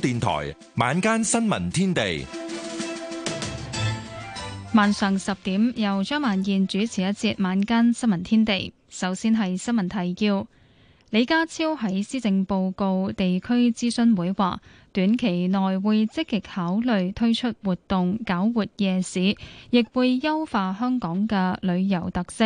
電台晚間新聞天地，晚上十點由張曼燕主持一節晚間新聞天地。首先係新聞提要，李家超喺施政報告地區諮詢會話，短期內會積極考慮推出活動，搞活夜市，亦會優化香港嘅旅遊特色。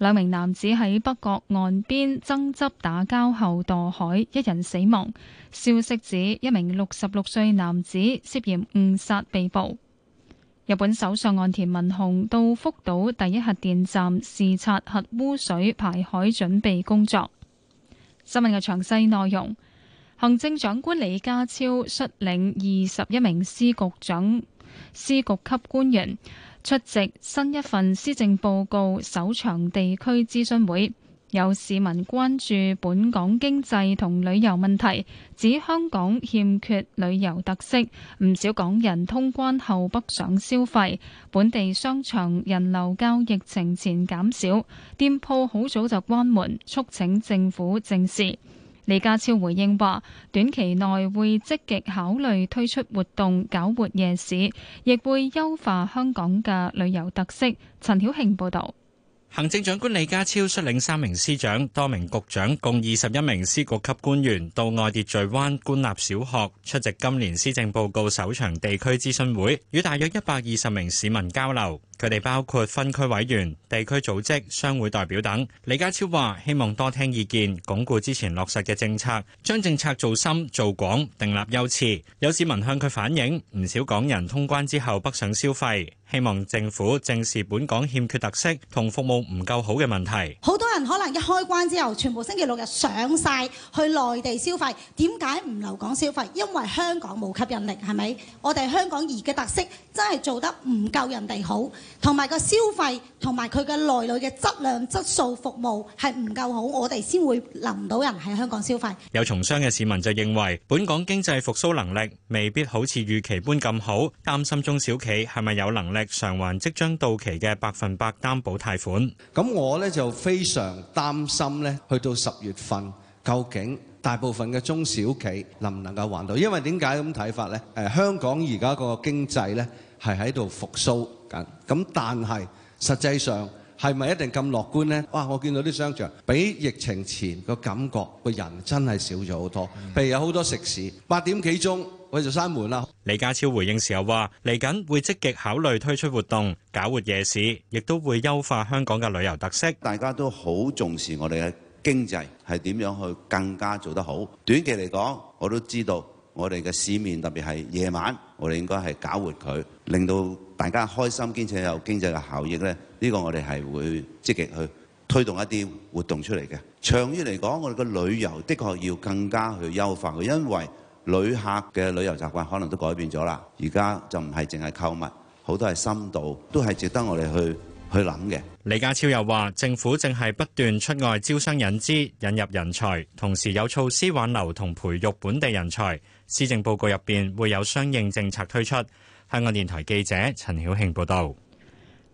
兩名男子喺北角岸邊爭執打交後墮海，一人死亡。消息指一名六十六歲男子涉嫌誤殺被捕。日本首相岸田文雄到福島第一核電站視察核污水排海準備工作。新聞嘅詳細內容，行政長官李家超率領二十一名司局長、司局級官員。出席新一份施政報告首場地區諮詢會，有市民關注本港經濟同旅遊問題，指香港欠缺旅遊特色，唔少港人通關後北上消費，本地商場人流較疫情前減少，店鋪好早就關門，促請政府正視。李家超回應話，短期內會積極考慮推出活動，搞活夜市，亦會優化香港嘅旅遊特色。陳曉慶報道。行政長官李家超率領三名司長、多名局長，共二十一名司局級官員到愛秩序灣官立小學出席今年施政報告首場地區諮詢會，與大約一百二十名市民交流。佢哋包括分區委員、地區組織、商會代表等。李家超話：希望多聽意見，鞏固之前落實嘅政策，將政策做深做廣，訂立優次。有市民向佢反映，唔少港人通關之後北上消費，希望政府正視本港欠缺特色同服務唔夠好嘅問題。好多人可能一開關之後，全部星期六日上晒去內地消費，點解唔留港消費？因為香港冇吸引力，係咪？我哋香港而嘅特色真係做得唔夠人哋好。同埋個消費，同埋佢嘅內裏嘅質量、質素、服務係唔夠好，我哋先會留唔到人喺香港消費。有從商嘅市民就認為，本港經濟復甦能力未必好似預期般咁好，擔心中小企係咪有能力償還即將到期嘅百分百擔保貸款。咁我咧就非常擔心咧，去到十月份，究竟大部分嘅中小企能唔能夠還到？因為點解咁睇法咧？誒，香港而家個經濟咧係喺度復甦。咁，但係實際上係咪一定咁樂觀咧？哇！我見到啲商場比疫情前個感覺，個人真係少咗好多。譬如有好多食肆，八點幾鐘，我就閂門啦。李家超回應時候話，嚟緊會積極考慮推出活動，搞活夜市，亦都會優化香港嘅旅遊特色。大家都好重視我哋嘅經濟，係點樣去更加做得好。短期嚟講，我都知道我哋嘅市面特別係夜晚，我哋應該係搞活佢，令到。大家開心兼且有經濟嘅效益呢，呢個我哋係會積極去推動一啲活動出嚟嘅。長遠嚟講，我哋嘅旅遊的確要更加去優化，因為旅客嘅旅遊習慣可能都改變咗啦。而家就唔係淨係購物，好多係深度，都係值得我哋去去諗嘅。李家超又話：政府正係不斷出外招商引資、引入人才，同時有措施挽留同培育本地人才。施政報告入邊會有相應政策推出。香港電台記者陳曉慶報道，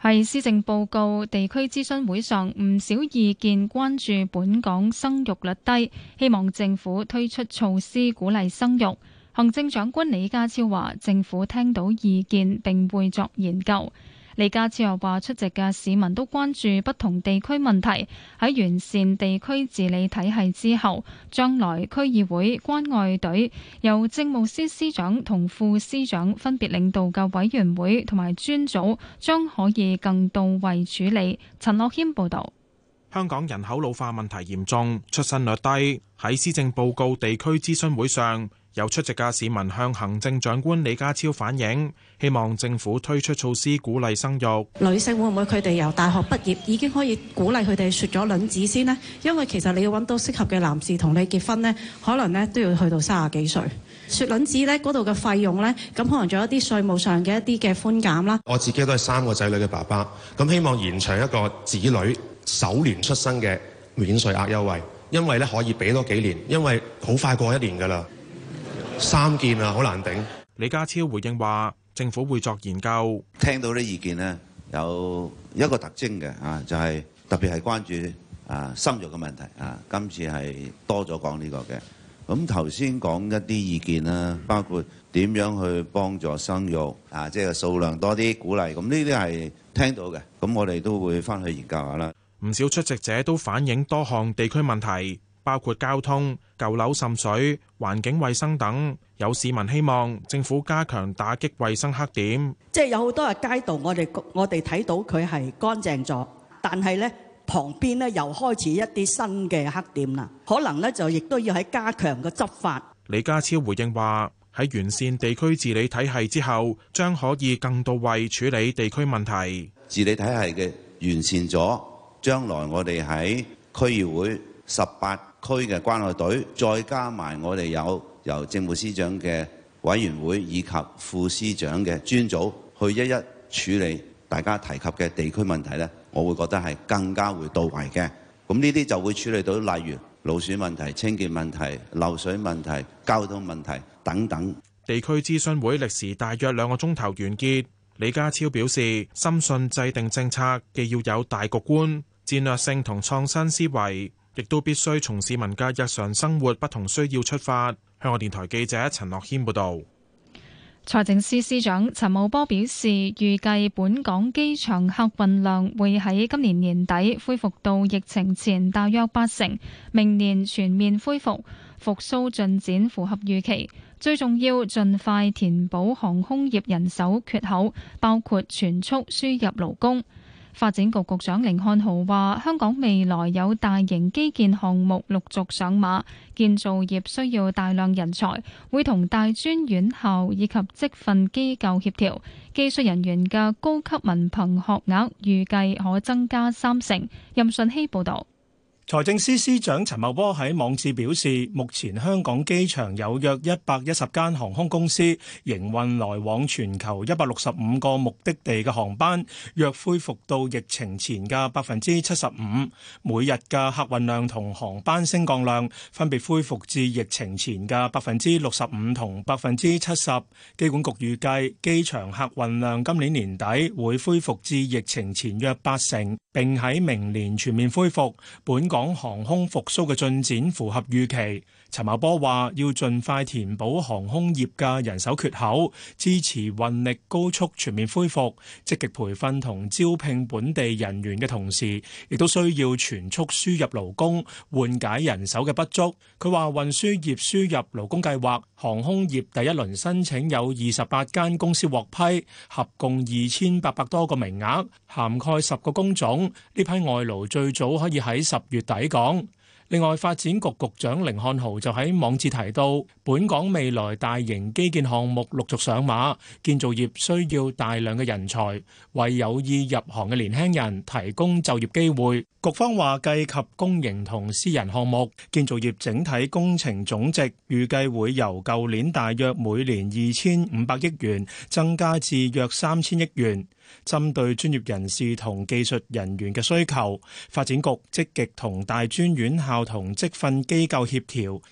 喺施政報告地區諮詢會上，唔少意見關注本港生育率低，希望政府推出措施鼓勵生育。行政長官李家超話，政府聽到意見並會作研究。李家超又話：出席嘅市民都關注不同地區問題，喺完善地區治理體系之後，將來區議會關愛隊由政務司司長同副司長分別領導嘅委員會同埋專組，將可以更到位處理。陳樂謙報導。香港人口老化問題嚴重，出生率低。喺施政報告地區諮詢會上，有出席嘅市民向行政長官李家超反映，希望政府推出措施鼓勵生育。女性會唔會佢哋由大學畢業已經可以鼓勵佢哋雪咗卵子先呢？因為其實你要揾到適合嘅男士同你結婚呢，可能呢都要去到三十幾歲。雪卵子呢，嗰度嘅費用呢，咁可能仲有一啲稅務上嘅一啲嘅寬減啦。我自己都係三個仔女嘅爸爸，咁希望延長一個子女首年出生嘅免稅額優惠，因為呢可以俾多幾年，因為好快過一年噶啦。三件啊，好難頂。李家超回應話，政府會作研究。聽到啲意見呢，有一個特徵嘅啊，就係、是、特別係關注啊生育嘅問題啊。今次係多咗講呢個嘅。咁頭先講一啲意見啦，包括點樣去幫助生育啊，即係數量多啲，鼓勵。咁呢啲係聽到嘅，咁我哋都會翻去研究下啦。唔少出席者都反映多項地區問題。包括交通、舊樓滲水、環境衞生等，有市民希望政府加強打擊衞生黑點。即係有好多嘅街道我，我哋我哋睇到佢係乾淨咗，但係呢旁邊呢又開始一啲新嘅黑點啦。可能呢就亦都要喺加強個執法。李家超回應話：喺完善地區治理體系之後，將可以更到位處理地區問題。治理體系嘅完善咗，將來我哋喺區議會十八區嘅關愛隊，再加埋我哋有由政務司長嘅委員會以及副司長嘅專組去一一處理大家提及嘅地區問題呢，我會覺得係更加會到位嘅。咁呢啲就會處理到例如老鼠問題、清潔問題、漏水問題、交通問題等等。地區諮詢會歷時大約兩個鐘頭完結。李家超表示，深信制定政策既要有大局觀、戰略性同創新思維。亦都必須從市民嘅日常生活不同需要出發。香港電台記者陳樂軒報道，財政司司長陳茂波表示，預計本港機場客運量會喺今年年底恢復到疫情前大約八成，明年全面恢復。復甦進展符合預期，最重要，盡快填補航空業人手缺口，包括全速輸入勞工。發展局局長寧漢豪話：香港未來有大型基建項目陸續上馬，建造業需要大量人才，會同大專院校以及積訓機構協調，技術人員嘅高級文憑學額預計可增加三成。任信希報道。財政司司長陳茂波喺網誌表示，目前香港機場有約一百一十間航空公司營運來往全球一百六十五個目的地嘅航班，約恢復到疫情前嘅百分之七十五。每日嘅客運量同航班升降量分別恢復至疫情前嘅百分之六十五同百分之七十。機管局預計機場客運量今年年底會恢復至疫情前約八成，並喺明年全面恢復。本港港航空復蘇嘅進展符合預期。陳茂波話：要盡快填補航空業嘅人手缺口，支持運力高速全面恢復。積極培訓同招聘本地人員嘅同時，亦都需要全速輸入勞工，緩解人手嘅不足。佢話運輸業輸入勞工計劃，航空業第一輪申請有二十八間公司獲批，合共二千八百多個名額，涵蓋十個工種。呢批外勞最早可以喺十月底港。另外，發展局局長凌漢豪就喺網誌提到，本港未來大型基建項目陸續上馬，建造業需要大量嘅人才，為有意入行嘅年輕人提供就業機會。局方話，計及公營同私人項目，建造業整體工程總值預計會由舊年，大約每年二千五百億元增加至約三千億元。針對專業人士同技術人員嘅需求，發展局積極同大專院校同積訓機構協調，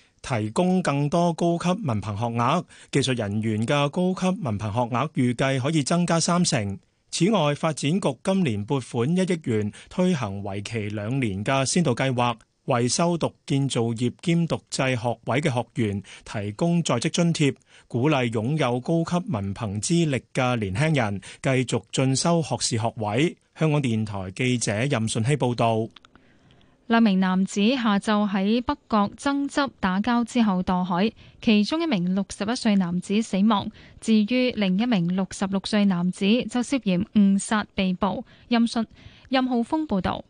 提供更多高級文憑學額。技術人員嘅高級文憑學額預計可以增加三成。此外，發展局今年撥款一億元，推行為期兩年嘅先導計劃。為修讀建造業兼讀制學位嘅學員提供在職津貼，鼓勵擁有高級文憑資歷嘅年輕人繼續進修學士學位。香港電台記者任順希報道：兩名男子下晝喺北角爭執打交之後墮海，其中一名六十一歲男子死亡，至於另一名六十六歲男子就涉嫌誤殺被捕。任順、任浩峰報道。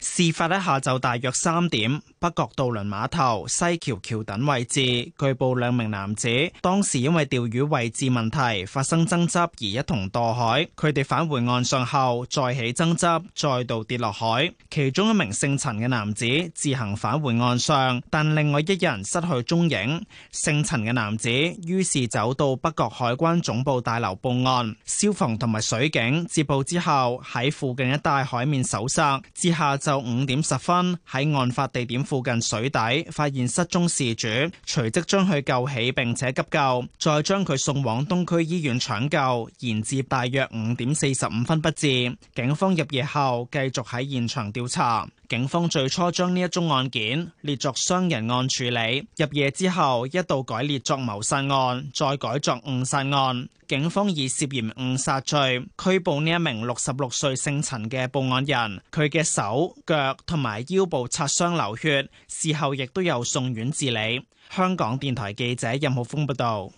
事發喺下晝大約三點，北角渡輪碼頭西橋橋等位置，據報兩名男子，當時因為釣魚位置問題發生爭執而一同墮海。佢哋返回岸上後再起爭執，再度跌落海。其中一名姓陳嘅男子自行返回岸上，但另外一人失去蹤影。姓陳嘅男子於是走到北角海關總部大樓報案，消防同埋水警接報之後喺附近一帶海面搜索，之下。就五點十分喺案發地點附近水底發現失蹤事主，隨即將佢救起，並且急救，再將佢送往東區醫院搶救，延至大約五點四十五分不治。警方入夜後繼續喺現場調查。警方最初將呢一宗案件列作傷人案處理，入夜之後一度改列作謀殺案，再改作誤殺案。警方以涉嫌誤殺罪拘捕呢一名六十六歲姓陳嘅報案人，佢嘅手腳同埋腰部擦傷流血，事後亦都有送院治理。香港電台記者任浩峰報道。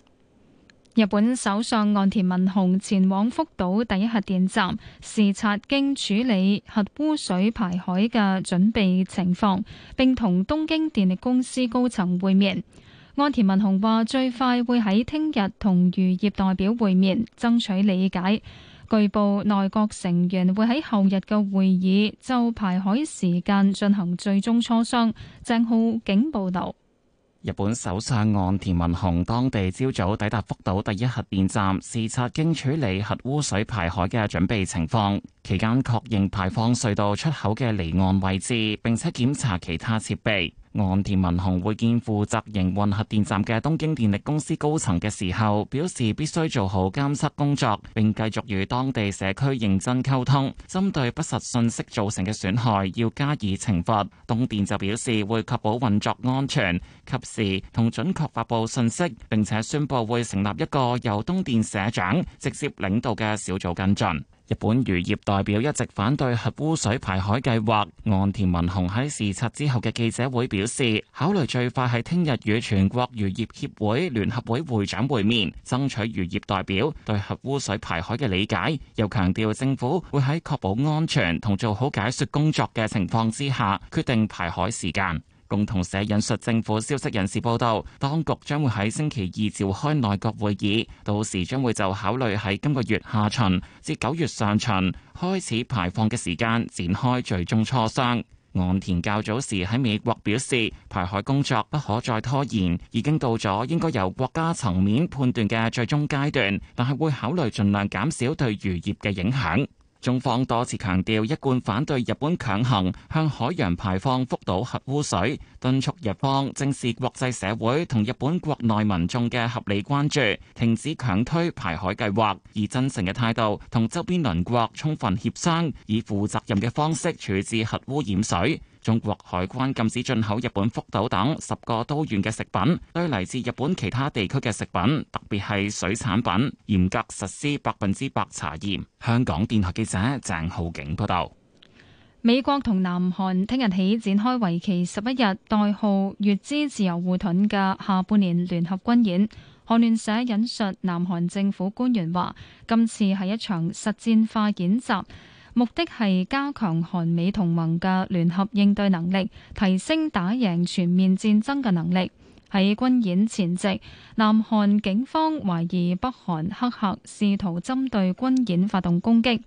日本首相岸田文雄前往福島第一核電站視察經處理核污水排海嘅準備情況，並同東京電力公司高層會面。岸田文雄話最快會喺聽日同漁業代表會面，爭取理解。據報內閣成員會喺後日嘅會議就排海時間進行最終磋商。鄭浩景報道。日本首相岸田文雄當地朝早抵達福島第一核電站，視察經處理核污水排海嘅準備情況，期間確認排放隧道出口嘅離岸位置，並且檢查其他設備。岸田文雄會見負責營運核電站嘅東京電力公司高層嘅時候，表示必須做好監測工作，並繼續與當地社區認真溝通。針對不實信息造成嘅損害，要加以懲罰。東電就表示會確保運作安全，及時同準確發佈信息，並且宣佈會成立一個由東電社長直接領導嘅小組跟進。日本漁業代表一直反對核污水排海計劃。岸田文雄喺視察之後嘅記者會表示，考慮最快係聽日與全國漁業協會聯合會會長會面，爭取漁業代表對核污水排海嘅理解。又強調政府會喺確保安全同做好解說工作嘅情況之下，決定排海時間。共同社引述政府消息人士報道，當局將會喺星期二召開內閣會議，到時將會就考慮喺今個月下旬至九月上旬開始排放嘅時間展開最終磋商。岸田較早時喺美國表示，排海工作不可再拖延，已經到咗應該由國家層面判斷嘅最終階段，但係會考慮盡量減少對漁業嘅影響。中方多次強調，一貫反對日本強行向海洋排放福島核污水，敦促日方正視國際社會同日本國內民眾嘅合理關注，停止強推排海計劃，以真誠嘅態度同周邊鄰國充分協商，以負責任嘅方式處置核污染水。中國海關禁止進口日本福島等十個都縣嘅食品，對嚟自日本其他地區嘅食品，特別係水產品，嚴格實施百分之百查驗。香港電台記者鄭浩景報道。美國同南韓聽日起展開為期十一日代號“乙支自由護盾”嘅下半年聯合軍演。韓聯社引述南韓政府官員話：今次係一場實戰化演習。目的係加強韓美同盟嘅聯合應對能力，提升打贏全面戰爭嘅能力。喺軍演前夕，南韓警方懷疑北韓黑客試圖針對軍演發動攻擊。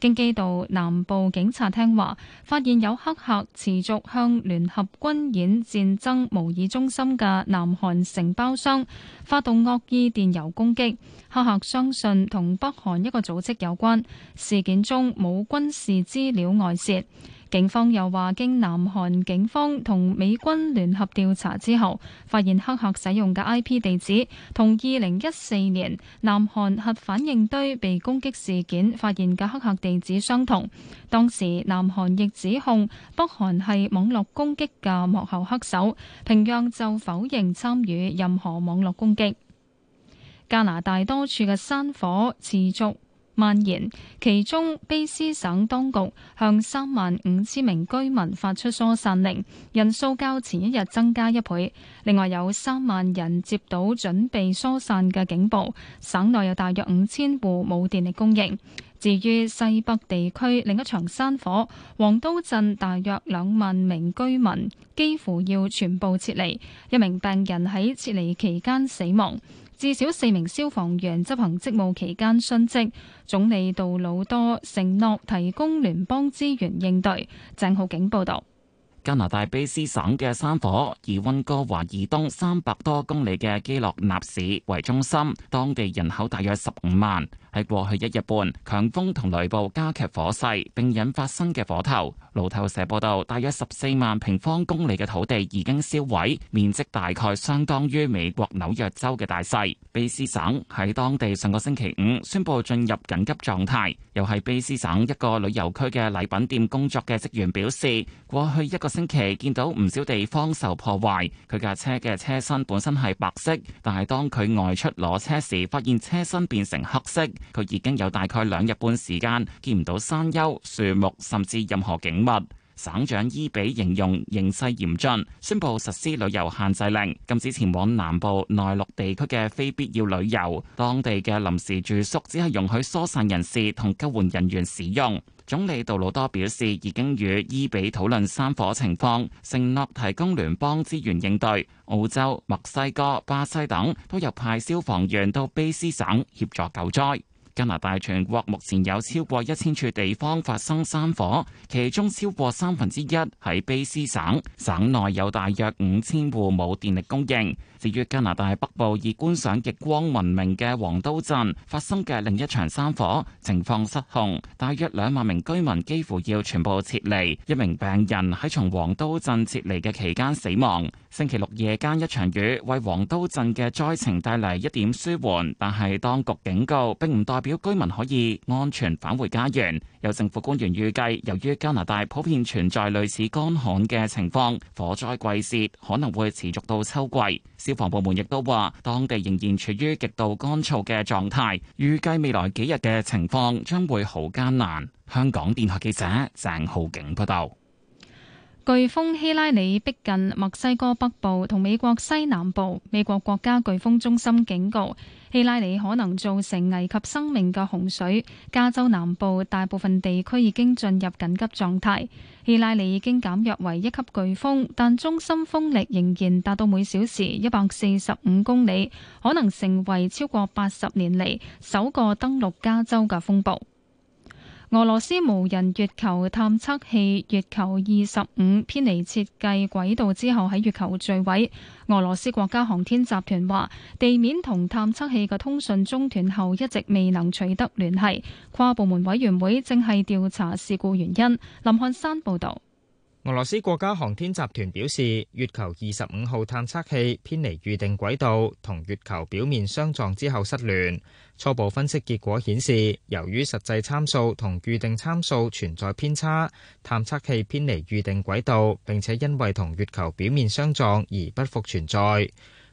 京畿道南部警察廳話，發現有黑客持續向聯合軍演戰爭模擬中心嘅南韓承包商發動惡意電郵攻擊。黑客相信同北韓一個組織有關。事件中冇軍事資料外泄。警方又話，經南韓警方同美軍聯合調查之後，發現黑客使用嘅 IP 地址同二零一四年南韓核反應堆被攻擊事件發現嘅黑客地址相同。當時南韓亦指控北韓係網絡攻擊嘅幕後黑手，平壤就否認參與任何網絡攻擊。加拿大多處嘅山火持續。蔓延，其中卑斯省當局向三萬五千名居民發出疏散令，人數較前一日增加一倍。另外有三萬人接到準備疏散嘅警報，省內有大約五千戶冇電力供應。至於西北地區另一場山火，黃刀鎮大約兩萬名居民幾乎要全部撤離，一名病人喺撤離期間死亡。至少四名消防員執行職務期間殉職，總理杜魯多承諾提供聯邦資源應對。鄭浩景報道：加拿大卑斯省嘅山火以温哥華以東三百多公里嘅基洛納市為中心，當地人口大約十五萬。喺過去一日半，強風同雷暴加劇火勢，並引發新嘅火頭。路透社報道，大約十四萬平方公里嘅土地已經燒毀，面積大概相當於美國紐約州嘅大細。卑詩省喺當地上個星期五宣布進入緊急狀態。又係卑詩省一個旅遊區嘅禮品店工作嘅職員表示，過去一個星期見到唔少地方受破壞。佢架車嘅車身本身係白色，但係當佢外出攞車時，發現車身變成黑色。佢已經有大概兩日半時間見唔到山丘、樹木甚至任何景物。省長伊比形容形勢嚴峻，宣布實施旅遊限制令，禁止前往南部內陸地區嘅非必要旅遊。當地嘅臨時住宿只係容許疏散人士同救援人員使用。總理杜魯多表示已經與伊比討論山火情況，承諾提供聯邦資源應對。澳洲、墨西哥、巴西等都有派消防員到卑斯省協助救災。加拿大全國目前有超過一千處地方發生山火，其中超過三分之一喺卑詩省。省內有大約五千戶冇電力供應。至於加拿大北部以觀賞極光聞名嘅黃刀鎮，發生嘅另一場山火情況失控，大約兩萬名居民幾乎要全部撤離。一名病人喺從黃刀鎮撤離嘅期間死亡。星期六夜間一場雨為黃刀鎮嘅災情帶嚟一點舒緩，但係當局警告，並唔代表，要居民可以安全返回家園。有政府官員預計，由於加拿大普遍存在類似乾旱嘅情況，火災季節可能會持續到秋季。消防部門亦都話，當地仍然處於極度乾燥嘅狀態，預計未來幾日嘅情況將會好艱難。香港電台記者鄭浩景報道。颶風希拉里逼近墨西哥北部同美國西南部，美國國家颶風中心警告希拉里可能造成危及生命嘅洪水。加州南部大部分地區已經進入緊急狀態。希拉里已經減弱為一級颶風，但中心風力仍然達到每小時一百四十五公里，可能成為超過八十年嚟首個登陸加州嘅風暴。俄羅斯無人月球探測器月球二十五偏離設計軌道之後，喺月球墜毀。俄羅斯國家航天集團話，地面同探測器嘅通訊中斷後一直未能取得聯繫，跨部門委員會正係調查事故原因。林漢山報道。俄羅斯國家航天集團表示，月球二十五號探測器偏離預定軌道，同月球表面相撞之後失聯。初步分析結果顯示，由於實際參數同預定參數存在偏差，探測器偏離預定軌道，並且因為同月球表面相撞而不復存在。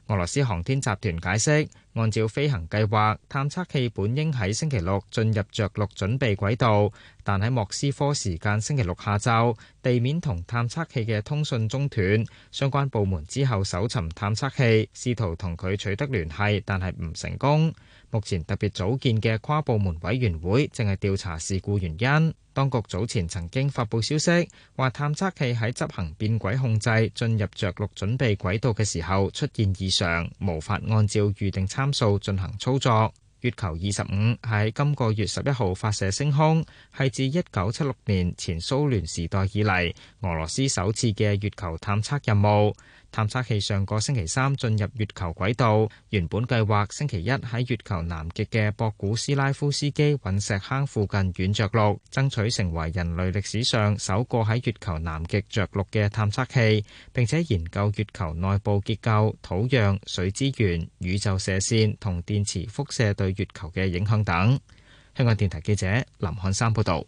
俄羅斯航天集團解釋。按照飛行計劃，探測器本應喺星期六進入着陸準備軌道，但喺莫斯科時間星期六下晝，地面同探測器嘅通訊中斷，相關部門之後搜尋探測器，試圖同佢取得聯繫，但係唔成功。目前特別組建嘅跨部門委員會正係調查事故原因。當局早前曾經發佈消息，話探測器喺執行變軌控制進入着陸準備軌道嘅時候出現異常，無法按照預定參。參數進行操作。月球二十五喺今個月十一號發射升空，係自一九七六年前蘇聯時代以嚟俄羅斯首次嘅月球探測任務。探測器上個星期三進入月球軌道，原本計劃星期一喺月球南極嘅博古斯拉夫斯基隕石坑附近軟着陸，爭取成為人類歷史上首個喺月球南極着陸嘅探測器，並且研究月球內部結構、土壤、水資源、宇宙射線同電磁輻射，射對月球嘅影響等。香港電台記者林漢山報道。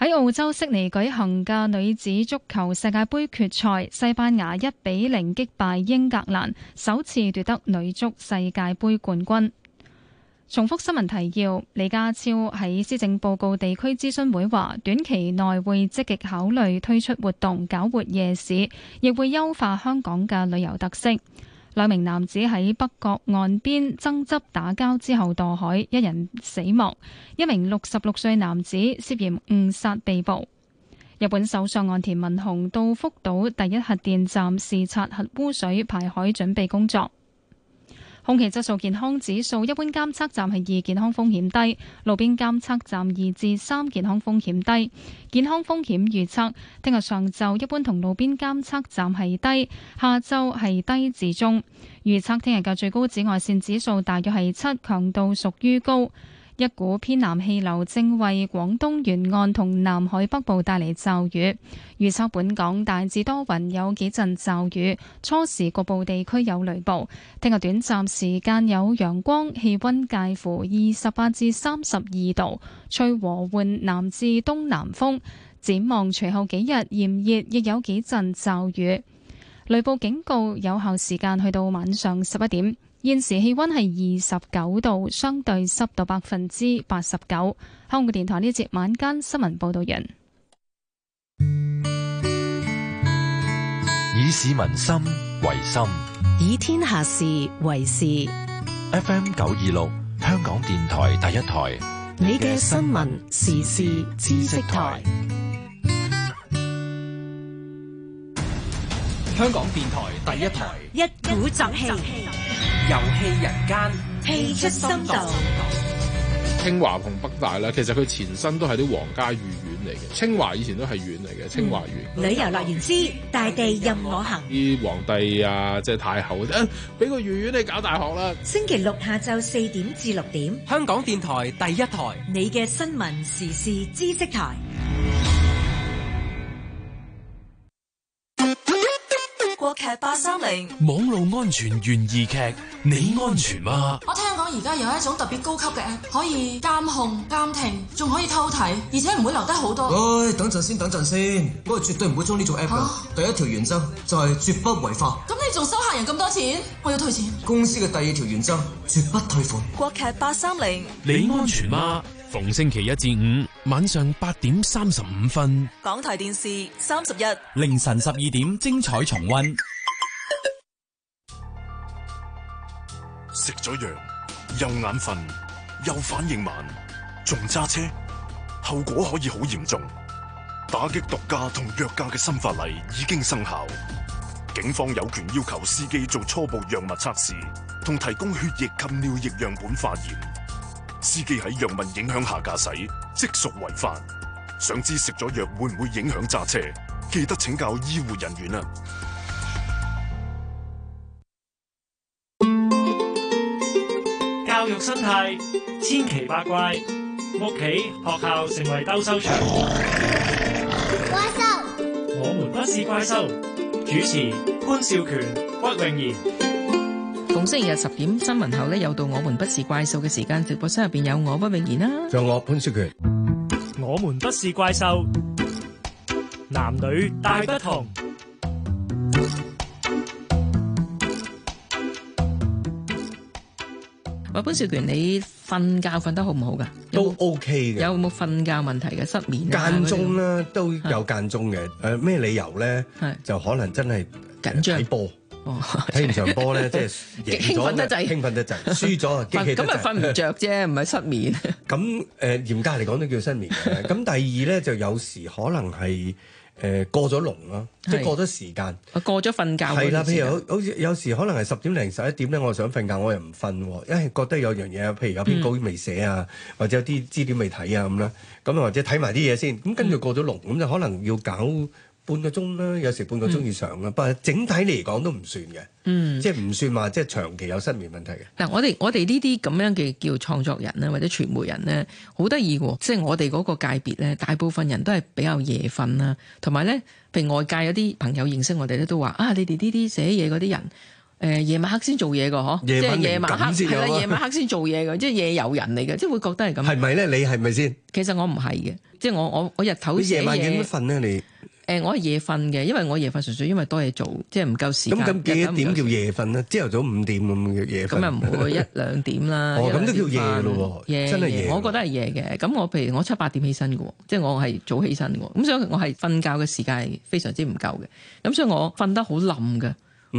喺澳洲悉尼舉行嘅女子足球世界盃決賽，西班牙一比零擊敗英格蘭，首次奪得女足世界盃冠軍。重複新聞提要：李家超喺施政報告地區諮詢會話，短期內會積極考慮推出活動，搞活夜市，亦會優化香港嘅旅遊特色。兩名男子喺北角岸邊爭執打交之後墮海，一人死亡。一名六十六歲男子涉嫌誤殺被捕。日本首相岸田文雄到福島第一核電站視察核污水排海準備工作。空氣質素健康指數一般監測站係二，健康風險低，路邊監測站二至三，健康風險低。健康風險預測，聽日上晝一般同路邊監測站係低，下晝係低至中。預測聽日嘅最高紫外線指數大約係七，強度屬於高。一股偏南氣流正為廣東沿岸同南海北部帶嚟驟雨，預測本港大致多雲，有幾陣驟雨，初時局部地區有雷暴。聽日短暫時間有陽光，氣温介乎二十八至三十二度，吹和緩南至東南風。展望隨後幾日炎熱，亦有幾陣驟雨，雷暴警告有效時間去到晚上十一點。現時氣溫係二十九度，相對濕度百分之八十九。香港電台呢節晚間新聞報道人：「以市民心為心，以天下事為事。FM 九二六，香港電台第一台，你嘅新聞時事知識台，香港電台第一台，一股集氣。遊戲人間，氣出心鬥。清華同北大啦，其實佢前身都係啲皇家御苑嚟嘅。清華以前都係院嚟嘅，嗯、清華園。旅遊樂園之文大地任我行。啲文皇帝啊，即係太后，誒、啊，俾個御苑你搞大學啦。星期六下晝四點至六點，香港電台第一台，你嘅新聞時事知識台。劇八三零，網絡安全懸疑劇，你安全嗎？我聽講而家有一種特別高級嘅 App，可以監控、監聽，仲可以偷睇，而且唔會留低好多。唉、哎，等陣先，等陣先，我係絕對唔會裝呢種 app 噶。啊、第一條原則就係絕不違法。咁你仲收客人咁多錢，我要退錢。公司嘅第二條原則，絕不退款。國劇八三零，你安全嗎？逢星期一至五晚上八點三十五分，港台電視三十一，凌晨十二點精彩重溫。食咗藥又眼瞓又反應慢，仲揸車，後果可以好嚴重。打擊毒駕同藥駕嘅新法例已經生效，警方有權要求司機做初步藥物測試，同提供血液及尿液樣本化驗。司機喺藥物影響下駕駛，即屬違法。想知食咗藥會唔會影響揸車？記得請教醫護人員啊！教育生態千奇百怪，屋企、學校成為鬥獸場。怪獸收，我們不是怪獸。主持：潘少權、屈穎妍。逢星期日十點新聞後咧，又到我們不是怪獸嘅時間。直播室入邊有我屈穎妍啦，仲有我潘少權。我們不是怪獸，男女大不同。我潘少權，你瞓覺瞓得好唔好噶？都 OK 嘅。有冇瞓覺問題嘅失眠？間中咧，都有間中嘅。誒，咩理由咧？係就可能真係緊張睇波。哦，睇完場波咧， 即係興奮得滯，興奮得滯， 輸咗啊，激氣得滯。咁咪瞓唔着啫，唔係失眠。咁誒、 呃、嚴格嚟講都叫失眠咁 第二咧，就有時可能係誒、呃、過咗龍咯，即係過咗時間。是過咗瞓覺。係啦、啊，譬如有好似有時可能係十點零十一點咧，我想瞓覺，我又唔瞓，因為覺得有樣嘢，譬如有篇稿未寫啊、嗯，或者有啲資料未睇啊咁啦。咁或者睇埋啲嘢先，咁跟住過咗龍，咁就可能要搞，半個鐘啦，有時半個鐘以上啦，不過、嗯、整體嚟講都唔算嘅，嗯，即係唔算話即係長期有失眠問題嘅。嗱，我哋我哋呢啲咁樣嘅叫創作人啦，或者傳媒人咧，好得意喎！即係我哋嗰個界別咧，大部分人都係比較夜瞓啦，同埋咧，譬如外界有啲朋友認識我哋咧，都話啊，你哋呢啲寫嘢嗰啲人，誒、呃，夜晚黑先做嘢嘅嗬，即係夜晚黑係 啦，夜晚黑先做嘢嘅，即係夜遊人嚟嘅，即係會覺得係咁。係咪咧？你係咪先？其實我唔係嘅，即係我我我日頭寫嘢。夜晚幾點瞓咧？你？誒、呃，我係夜瞓嘅，因為我夜瞓純粹因為多嘢做，即係唔夠時間。咁咁幾點叫夜瞓咧？朝頭早五點咁嘅夜瞓。咁又唔會過一兩點啦。咁、 哦哦、都叫夜咯喎，真係夜，夜。夜我覺得係夜嘅。咁我譬如我七八點起身㗎喎，即係我係早起身嘅喎。咁所以我係瞓覺嘅時間係非常之唔夠嘅。咁所以我瞓得好冧嘅。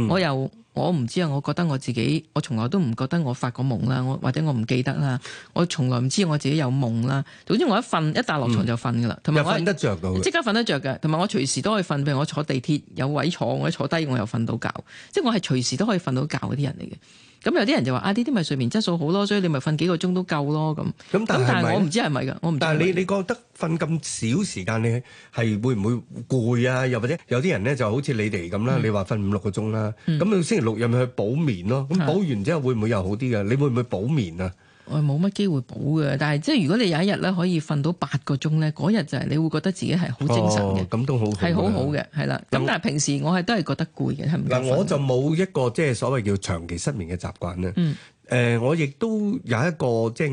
我又我唔知啊，我覺得我自己我從來都唔覺得我發過夢啦，我或者我唔記得啦，我從來唔知我自己有夢啦。總之我一瞓一打落床就瞓噶啦，同埋我瞓得着，即刻瞓得着嘅，同埋我隨時都可以瞓。譬如我坐地鐵有位坐，我一坐低我又瞓到覺，即係我係隨時都可以瞓到覺嗰啲人嚟嘅。咁有啲人就話啊，呢啲咪睡眠質素好咯，所以你咪瞓幾個鐘都夠咯咁。咁但係我唔知係咪㗎，我唔知。但係你你覺得瞓咁少時間，你係會唔會攰啊？又或者有啲人咧就好似你哋咁啦，嗯、你話瞓五六個鐘啦，咁你、嗯、星期六日咪去補眠咯？咁補完之後會唔會又好啲㗎？你會唔會補眠啊？我冇乜機會補嘅，但係即係如果你有一日咧可以瞓到八個鐘咧，嗰日就係你會覺得自己係好精神嘅，咁都、哦、好，係好好嘅，係啦。咁但係平時我係都係覺得攰嘅。係咪、嗯，我就冇一個即係、就是、所謂叫長期失眠嘅習慣咧。誒、嗯呃，我亦都有一個即係。就是